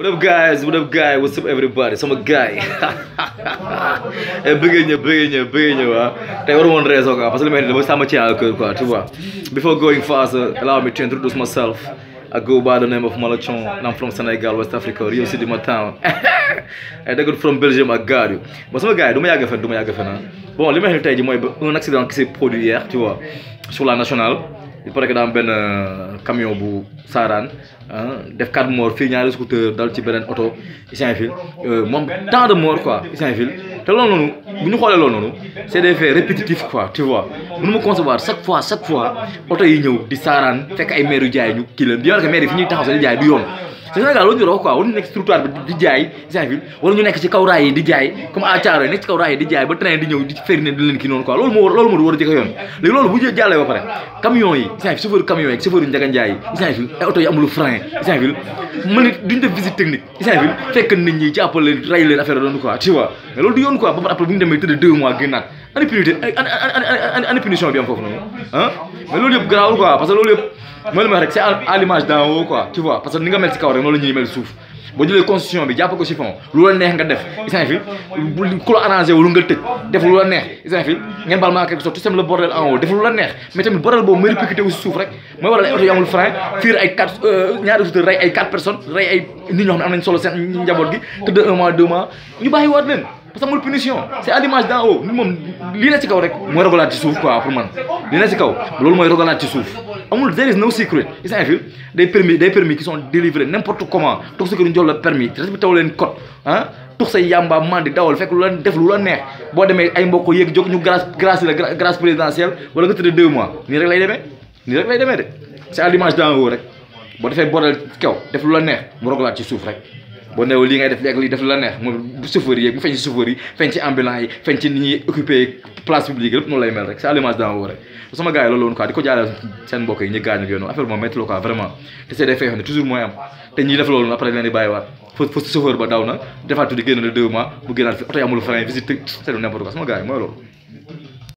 What up guys, what up guy? what's up everybody, so eh, i guy. a guy Eh bëggee ñëpp bëggee ñëpp bëggee ñëpp ah tey waru woon raison quoi parce que li may dama Before going faster, uh, allow me to introduce myself I go by the name of Malachon and I'm from Senegal, West Africa, Rio City, my town I eh, got from Belgium, I got you Bon sama gars yi du ma Do my du ma ah Bon li may xel tey ji mooy un accident qui s'est produit hier tu vois sur la nationale il paraît que daa am benn euh, camion bu saaraan def quatre morts fii ñaari scooter dal ci beneen oto Saint-Ville euh, moom tant de morts quoi Saint-Ville te loolu noonu bu ñu xoolee loolu noonu c'est des faits répétitifs quoi tu vois mënu ma concevoir chaque fois chaque fois oto yi ñëw di saaraan fekk ay maire yu jaay ñu kii leen di yor que maire yi fi ñuy taxaw sax di jaay du yoon dañoo daal loolu ñu doon quoi war nañu nekk si nekk ci kaw raay di jaay comme à Thiaroye nekk ci kaw raay di jaay ba train di ñëw di feri ne di leen noonu quoi loolu moo war loolu moo yoon léegi loolu bu jàllee ba pare camion yi Saint-Ville chauffeur camion yi chauffeur yu Ndiaga Ndiaye yi Saint-Ville ay oto yi amul frein Saint-Ville mën na duñ def visite technique Saint-Ville fekk nit ñi ci appal leen ray leen affaire doon quoi tu vois loolu du yoon quoi ba pare bu ñu ani priorité punition bi am foofu noonu ah mais loolu yëpp garaawul quoi parce que loolu yëpp mooy li ma rek c'est à l'image d'en haut quoi tu parce que ni nga mel si kaw rek noonu la ñuy mel suuf boo la neex nga def isaan fi ku la nga tëj def lu la neex isaan fi ngeen baal maa quelque sorte tout le bordel en haut def lu la neex mais tamit bordel boobu may répercuté wu si suuf rek mooy waral ay oto yu fiir euh, ay quatre personnes rey ay ñoo xam ne solo seen njaboot parce que amul punition c'est à l'image d'en moom lii na ci kaw rek mooy rogalaat ci suuf quoi pour man lii na ci kaw loolu mooy rogalaat ci suuf amul there is no secret is en fil des permis des permis qui sont délivrés n'importe comment tox sa kër jox la permis respecté wu code ah tux say yamba mandi dawal fekk lu la def lu la neex boo demee ay mbokk yéeg jóg ñu grâce grâce la grâce présidentielle wala nga tëdd deux mois nii rek lay demee ni rek lay demee de c'est à l'image d'en haut boo defee bordel kaw def lu la neex ci suuf rek boo neew lii ngay def léegi lii def la neex moom chauffeur yi mu feeñ ci chauffeur yi feeñ ci ambulance yi feeñ ci ni ñuy occupé place publique lépp noonu lay mel rek c'est à l'image d'un woo rek sama gars yi loolu woon di ko jaale seen mbokk yi ñu gaañ ak yoonu affaire moom métti la quoi vraiment te c'est des faits yoo toujours mooy am te ñuy def loolu après leen di bàyyiwaat fa fa chauffeur ba daw na defaat tuuti génn na deux mois bu génnaat fi oto yi amul frein visite c'est n'importe quoi